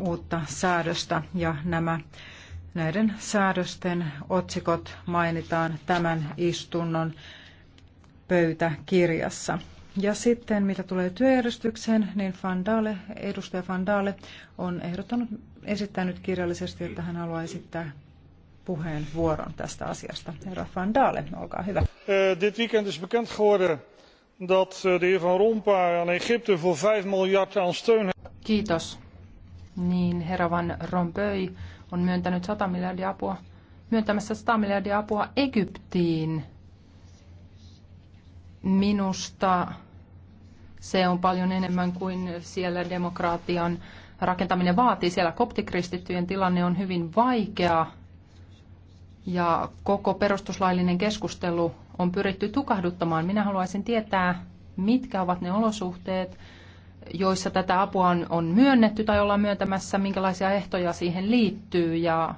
uutta säädöstä ja nämä näiden säädösten otsikot mainitaan tämän istunnon pöytäkirjassa. Ja sitten mitä tulee työjärjestykseen, niin Van Dale, edustaja Van Dale on ehdottanut, esittänyt kirjallisesti, että hän haluaa esittää puheenvuoron tästä asiasta. Herra Van Dale, olkaa hyvä. Uh, dit weekend is bekend geworden dat eh, de heer Van Rompuy aan Egypte voor 5 miljard aan steun... Kiitos niin herra Van Rompuy on myöntänyt 100 miljardia apua, myöntämässä 100 miljardia apua Egyptiin. Minusta se on paljon enemmän kuin siellä demokraatian rakentaminen vaatii. Siellä koptikristittyjen tilanne on hyvin vaikea ja koko perustuslaillinen keskustelu on pyritty tukahduttamaan. Minä haluaisin tietää, mitkä ovat ne olosuhteet, joissa tätä apua on, on myönnetty tai ollaan myöntämässä, minkälaisia ehtoja siihen liittyy ja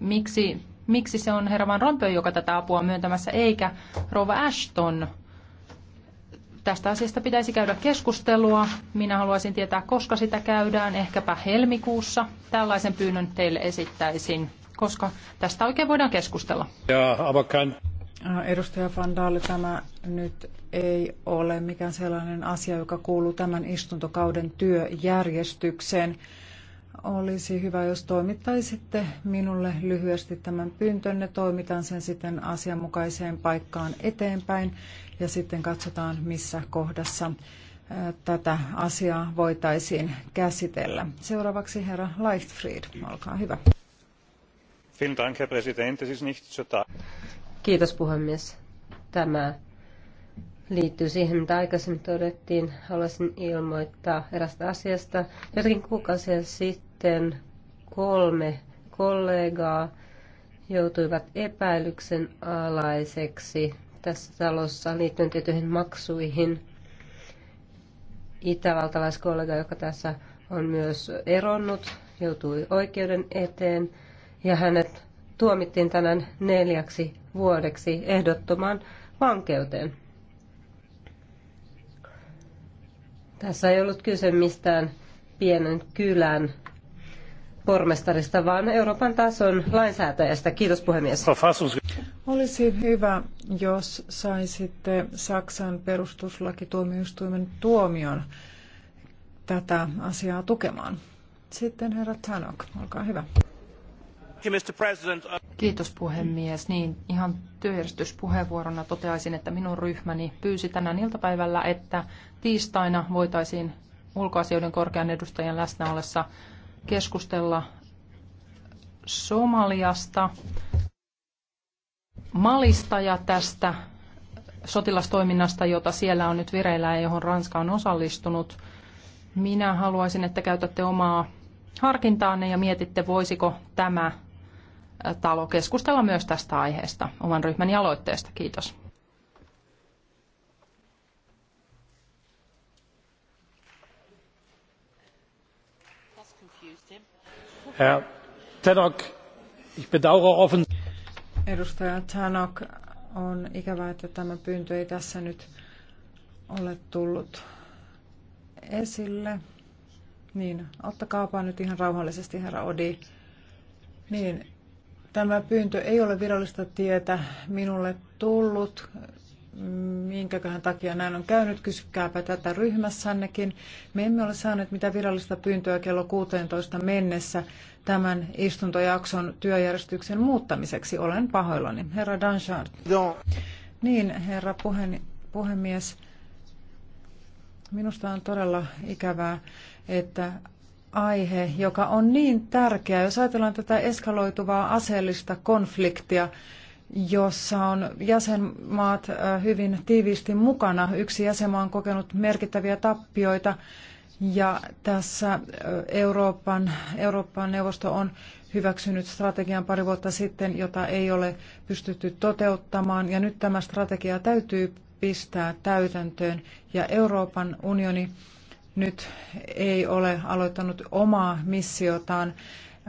miksi, miksi se on herra Van Rompuy, joka tätä apua on myöntämässä, eikä rouva Ashton. Tästä asiasta pitäisi käydä keskustelua. Minä haluaisin tietää, koska sitä käydään, ehkäpä helmikuussa. Tällaisen pyynnön teille esittäisin, koska tästä oikein voidaan keskustella. Ja, aber Äh, edustaja Van Dalle, tämä nyt ei ole mikään sellainen asia, joka kuuluu tämän istuntokauden työjärjestykseen. Olisi hyvä, jos toimittaisitte minulle lyhyesti tämän pyyntönne. Toimitan sen sitten asianmukaiseen paikkaan eteenpäin ja sitten katsotaan, missä kohdassa äh, tätä asiaa voitaisiin käsitellä. Seuraavaksi herra Leichtfried, olkaa hyvä. Vielen Dank, Herr Präsident. Es ist nicht zur Kiitos puhemies. Tämä liittyy siihen, mitä aikaisemmin todettiin. Haluaisin ilmoittaa erästä asiasta. Jotakin kuukausia sitten kolme kollegaa joutuivat epäilyksen alaiseksi tässä talossa liittyen tietyihin maksuihin. Itävaltalaiskollega, joka tässä on myös eronnut, joutui oikeuden eteen ja hänet tuomittiin tänään neljäksi vuodeksi ehdottomaan vankeuteen. Tässä ei ollut kyse mistään pienen kylän pormestarista, vaan Euroopan tason lainsäätäjästä. Kiitos puhemies. Olisi hyvä, jos saisitte Saksan perustuslakituomioistuimen tuomion tätä asiaa tukemaan. Sitten herra Tanok, olkaa hyvä. Kiitos puhemies. Niin, ihan työjärjestyspuheenvuorona toteaisin, että minun ryhmäni pyysi tänään iltapäivällä, että tiistaina voitaisiin ulkoasioiden korkean edustajan läsnä ollessa keskustella Somaliasta, Malista ja tästä sotilastoiminnasta, jota siellä on nyt vireillä ja johon Ranska on osallistunut. Minä haluaisin, että käytätte omaa harkintaanne ja mietitte, voisiko tämä talo keskustella myös tästä aiheesta oman ryhmäni aloitteesta. Kiitos. Herr Tanok, ich bedauere offen... Edustaja Tanok, on ikävää, että tämä pyyntö ei tässä nyt ole tullut esille. Niin, ottakaapa nyt ihan rauhallisesti, herra Odi. Niin, Tämä pyyntö ei ole virallista tietä minulle tullut. Minkäköhän takia näin on käynyt, kysykääpä tätä ryhmässännekin. Me emme ole saaneet mitään virallista pyyntöä kello 16 mennessä tämän istuntojakson työjärjestyksen muuttamiseksi. Olen pahoillani. Herra Danchard. Joo. Niin, herra puheen, puhemies. Minusta on todella ikävää, että aihe, joka on niin tärkeä. Jos ajatellaan tätä eskaloituvaa aseellista konfliktia, jossa on jäsenmaat äh, hyvin tiiviisti mukana. Yksi jäsenmaa on kokenut merkittäviä tappioita ja tässä äh, Euroopan, Euroopan neuvosto on hyväksynyt strategian pari vuotta sitten, jota ei ole pystytty toteuttamaan. Ja nyt tämä strategia täytyy pistää täytäntöön ja Euroopan unioni nyt ei ole aloittanut omaa missiotaan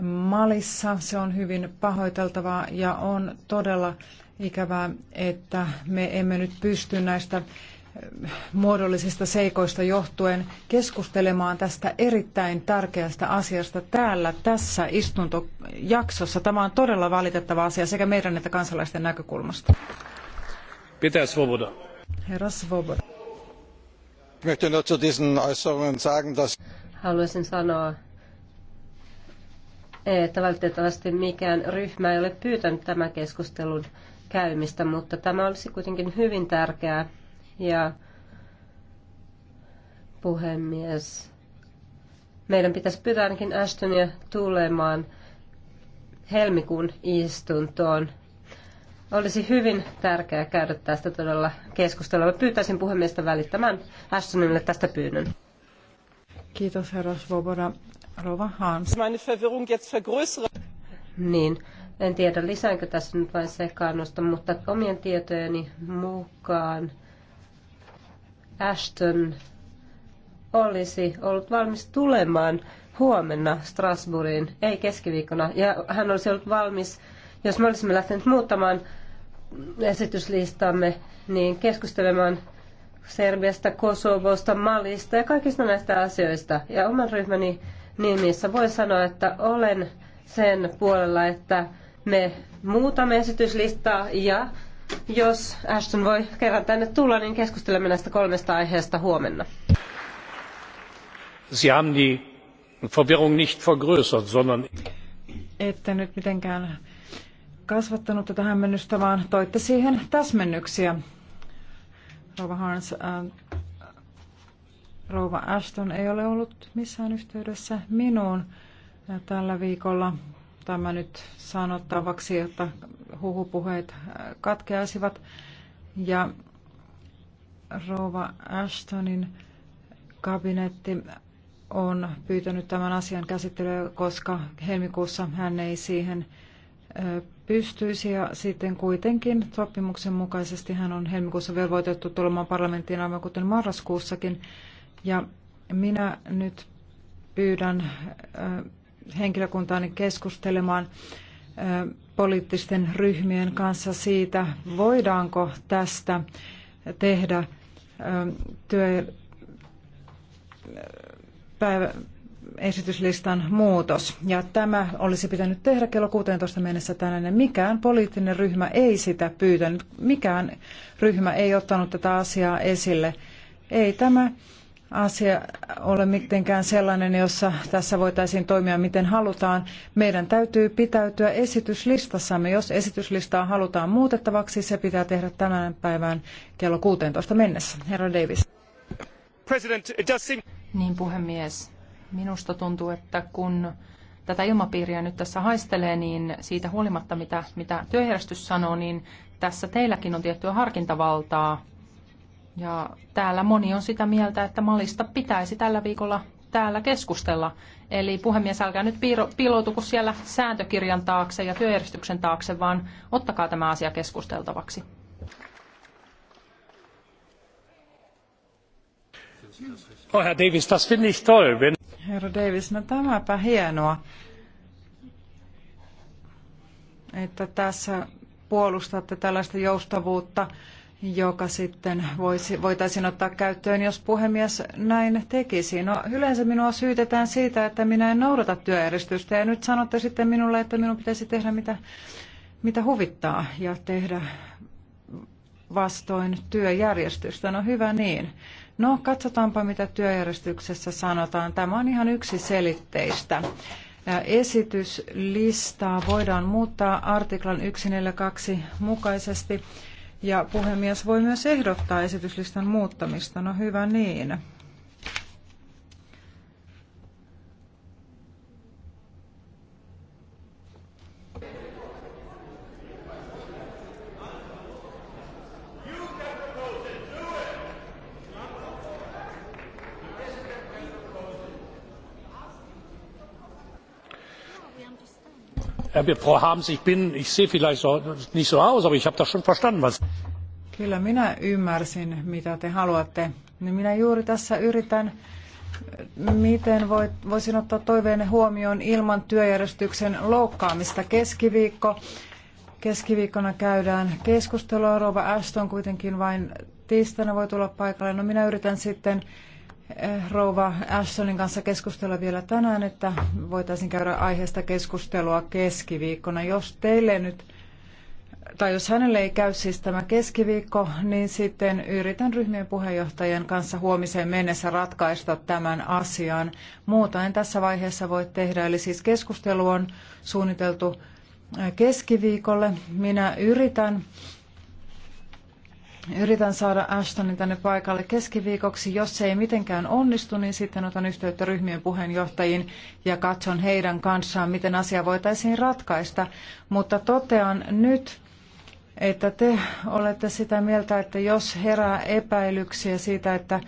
Malissa. Se on hyvin pahoiteltavaa ja on todella ikävää, että me emme nyt pysty näistä eh, muodollisista seikoista johtuen keskustelemaan tästä erittäin tärkeästä asiasta täällä tässä istuntojaksossa. Tämä on todella valitettava asia sekä meidän että kansalaisten näkökulmasta. Pitää svoboda. Herra Svoboda. Haluaisin sanoa, että valitettavasti mikään ryhmä ei ole pyytänyt tämän keskustelun käymistä, mutta tämä olisi kuitenkin hyvin tärkeää ja puhemies. Meidän pitäisi pyytää ainakin Ashtonia tulemaan helmikuun istuntoon olisi hyvin tärkeää käydä tästä todella keskustelua. Pyytäisin puhemiestä välittämään Ashtonille tästä pyynnön. Kiitos herra Svoboda. Rova Hans. Niin, en tiedä lisäänkö tässä nyt vain sekaannusta, mutta omien tietojeni mukaan Ashton olisi ollut valmis tulemaan huomenna Strasbourgiin, ei keskiviikkona, ja hän olisi ollut valmis jos me olisimme lähteneet muuttamaan esityslistamme, niin keskustelemaan Serbiasta, Kosovosta, Malista ja kaikista näistä asioista. Ja oman ryhmäni nimissä voin sanoa, että olen sen puolella, että me muutamme esityslistaa ja jos Ashton voi kerran tänne tulla, niin keskustelemme näistä kolmesta aiheesta huomenna. Sie haben die Verwirrung nicht vergrößert, sondern... Että nyt mitenkään kasvattanut tähän mennystä, vaan toitte siihen täsmennyksiä. Rova Harns, äh, Rova Ashton ei ole ollut missään yhteydessä minuun tällä viikolla. Tämä nyt sanottavaksi, että huhupuheet äh, katkeaisivat. Ja Rova Ashtonin kabinetti on pyytänyt tämän asian käsittelyä, koska helmikuussa hän ei siihen pystyisi ja sitten kuitenkin sopimuksen mukaisesti hän on helmikuussa velvoitettu tulemaan parlamenttiin aivan kuten marraskuussakin. Ja minä nyt pyydän henkilökuntaani keskustelemaan poliittisten ryhmien kanssa siitä, voidaanko tästä tehdä työ, päivä, esityslistan muutos. Ja tämä olisi pitänyt tehdä kello 16 mennessä tänään. Ja mikään poliittinen ryhmä ei sitä pyytänyt. Mikään ryhmä ei ottanut tätä asiaa esille. Ei tämä asia ole mitenkään sellainen, jossa tässä voitaisiin toimia miten halutaan. Meidän täytyy pitäytyä esityslistassamme. Jos esityslistaa halutaan muutettavaksi, se pitää tehdä tämän päivään kello 16 mennessä. Herra Davis. President, it Niin puhemies, Minusta tuntuu, että kun tätä ilmapiiriä nyt tässä haistelee, niin siitä huolimatta, mitä, mitä työjärjestys sanoo, niin tässä teilläkin on tiettyä harkintavaltaa. Ja täällä moni on sitä mieltä, että malista pitäisi tällä viikolla täällä keskustella. Eli puhemies, älkää nyt piiro, piiloutuko siellä sääntökirjan taakse ja työjärjestyksen taakse, vaan ottakaa tämä asia keskusteltavaksi. Oh, Herr Davis, das finde ich toll, wenn Herra Davis, no tämäpä hienoa, että tässä puolustatte tällaista joustavuutta, joka sitten voisi, voitaisiin ottaa käyttöön, jos puhemies näin tekisi. No yleensä minua syytetään siitä, että minä en noudata työjärjestystä ja nyt sanotte sitten minulle, että minun pitäisi tehdä mitä, mitä huvittaa ja tehdä vastoin työjärjestystä. No hyvä niin. No, katsotaanpa mitä työjärjestyksessä sanotaan. Tämä on ihan yksi selitteistä. Esityslistaa voidaan muuttaa artiklan 142 mukaisesti ja puhemies voi myös ehdottaa esityslistan muuttamista. No hyvä niin. Frau Harms, ich bin, ich sehe vielleicht nicht so aus, aber ich habe das schon verstanden, was... Kyllä minä ymmärsin, mitä te haluatte. Niin minä juuri tässä yritän, miten voit, voisin ottaa toiveenne huomioon ilman työjärjestyksen loukkaamista keskiviikko. Keskiviikkona käydään keskustelua. Rova Ashton kuitenkin vain tiistaina voi tulla paikalle. No minä yritän sitten Eh, rouva Ashtonin kanssa keskustella vielä tänään, että voitaisiin käydä aiheesta keskustelua keskiviikkona. Jos teille nyt, tai jos hänelle ei käy siis tämä keskiviikko, niin sitten yritän ryhmien puheenjohtajien kanssa huomiseen mennessä ratkaista tämän asian. Muuta en tässä vaiheessa voi tehdä, eli siis keskustelu on suunniteltu eh, keskiviikolle. Minä yritän Yritän saada Ashtonin tänne paikalle keskiviikoksi. Jos se ei mitenkään onnistu, niin sitten otan yhteyttä ryhmien puheenjohtajiin ja katson heidän kanssaan, miten asia voitaisiin ratkaista. Mutta totean nyt, että te olette sitä mieltä, että jos herää epäilyksiä siitä, että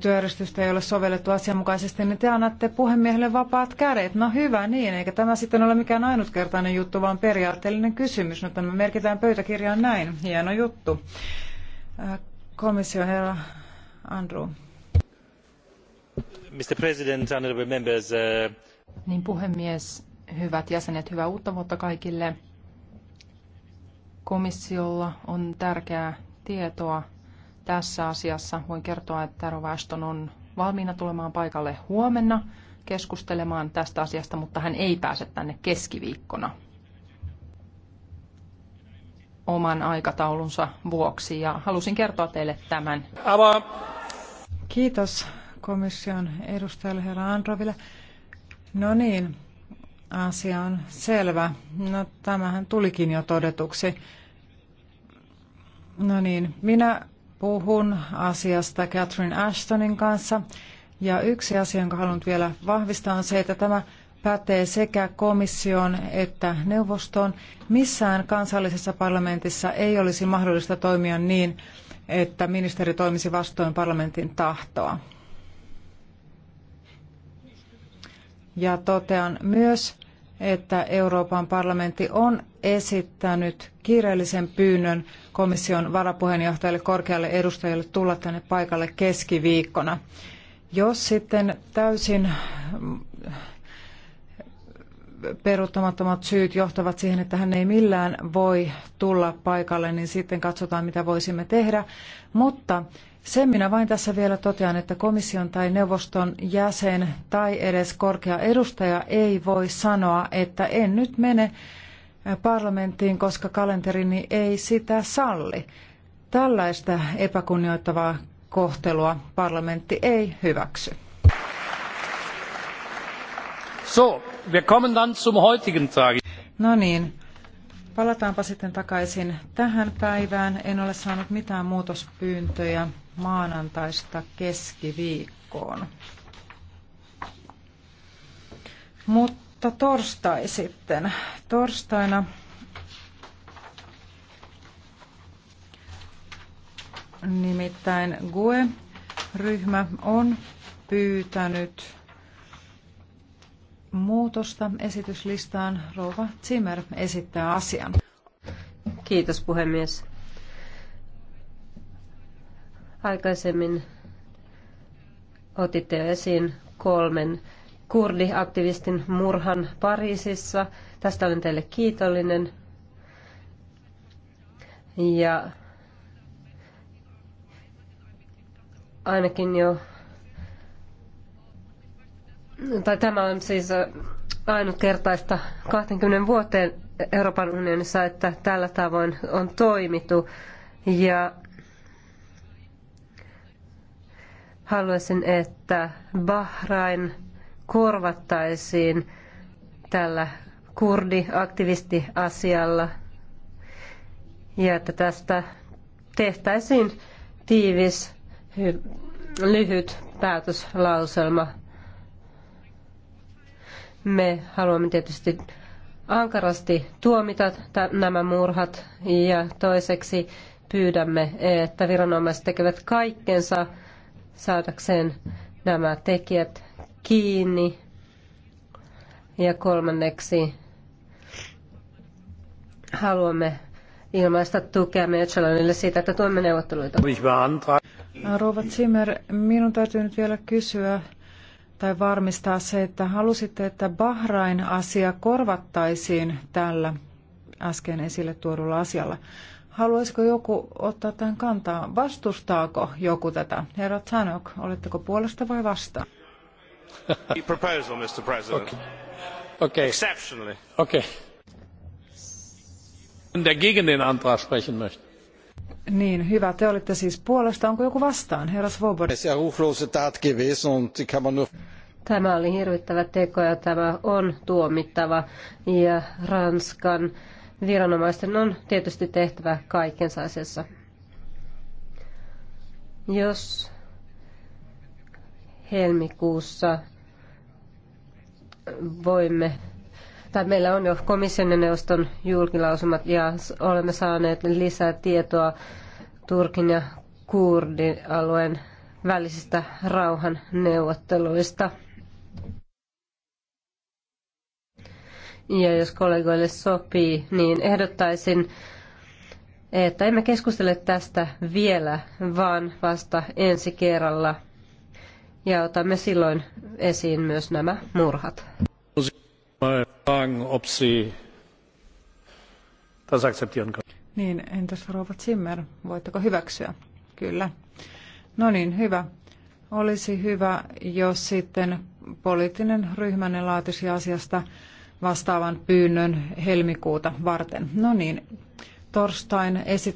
työjärjestystä ei ole sovellettu asianmukaisesti, niin te annatte puhemiehelle vapaat kädet. No hyvä niin, eikä tämä sitten ole mikään ainutkertainen juttu, vaan periaatteellinen kysymys. No tämä merkitään pöytäkirjaan näin. Hieno juttu arvoisa herra uh, niin puhemies, hyvät jäsenet, hyvää uutta vuotta kaikille. Komissiolla on tärkeää tietoa tässä asiassa. Voin kertoa, että Rovaston on valmiina tulemaan paikalle huomenna keskustelemaan tästä asiasta, mutta hän ei pääse tänne keskiviikkona oman aikataulunsa vuoksi ja halusin kertoa teille tämän. Kiitos komission edustajalle herra Androville. No niin, asia on selvä. No tämähän tulikin jo todetuksi. No niin, minä puhun asiasta Catherine Ashtonin kanssa. Ja yksi asia, jonka haluan vielä vahvistaa, on se, että tämä pätee sekä komission että neuvostoon. Missään kansallisessa parlamentissa ei olisi mahdollista toimia niin, että ministeri toimisi vastoin parlamentin tahtoa. Ja totean myös, että Euroopan parlamentti on esittänyt kiireellisen pyynnön komission varapuheenjohtajalle korkealle edustajalle tulla tänne paikalle keskiviikkona. Jos sitten täysin peruuttamattomat syyt johtavat siihen, että hän ei millään voi tulla paikalle, niin sitten katsotaan, mitä voisimme tehdä. Mutta sen minä vain tässä vielä totean, että komission tai neuvoston jäsen tai edes korkea edustaja ei voi sanoa, että en nyt mene parlamenttiin, koska kalenterini ei sitä salli. Tällaista epäkunnioittavaa kohtelua parlamentti ei hyväksy. No niin, palataanpa sitten takaisin tähän päivään. En ole saanut mitään muutospyyntöjä maanantaista keskiviikkoon. Mutta torstai sitten. Torstaina nimittäin GUE-ryhmä on pyytänyt muutosta esityslistaan. Rouva Zimmer esittää asian. Kiitos puhemies. Aikaisemmin otitte jo esiin kolmen kurdiaktivistin murhan Pariisissa. Tästä olen teille kiitollinen. Ja ainakin jo tai tämä on siis ainutkertaista 20 vuoteen Euroopan unionissa, että tällä tavoin on toimittu. Ja haluaisin, että Bahrain korvattaisiin tällä kurdiaktivistiasialla ja että tästä tehtäisiin tiivis, lyhyt päätöslauselma – me haluamme tietysti ankarasti tuomita nämä murhat ja toiseksi pyydämme, että viranomaiset tekevät kaikkensa saadakseen nämä tekijät kiinni. Ja kolmanneksi haluamme ilmaista tukea Mechalonille siitä, että tuemme neuvotteluita. Rouva Zimmer, minun täytyy nyt vielä kysyä, tai varmistaa se, että halusitte, että Bahrain asia korvattaisiin tällä äsken esille tuodulla asialla. Haluaisiko joku ottaa tämän kantaa? Vastustaako joku tätä? Herra Tanok, oletteko puolesta vai vastaan? proposal, Mr. President. Okay. Okay. Exceptionally. Okay. den Antrag sprechen möchte. Niin, hyvä. Te olitte siis puolesta. Onko joku vastaan? Herra Svoboda. Tämä oli hirvittävä teko ja tämä on tuomittava. Ja Ranskan viranomaisten on tietysti tehtävä kaikensa asiassa. Jos helmikuussa voimme tai meillä on jo komission ja neuvoston julkilausumat ja olemme saaneet lisää tietoa Turkin ja kurdialueen välisistä rauhanneuvotteluista. Ja jos kollegoille sopii, niin ehdottaisin, että emme keskustele tästä vielä, vaan vasta ensi kerralla. Ja otamme silloin esiin myös nämä murhat fragen ob sie das akzeptieren können. Niin, entäs Rova Zimmer, voitteko hyväksyä? Kyllä. No niin, hyvä. Olisi hyvä, jos sitten poliittinen ryhmänne laatisi asiasta vastaavan pyynnön helmikuuta varten. No niin, torstain esitys.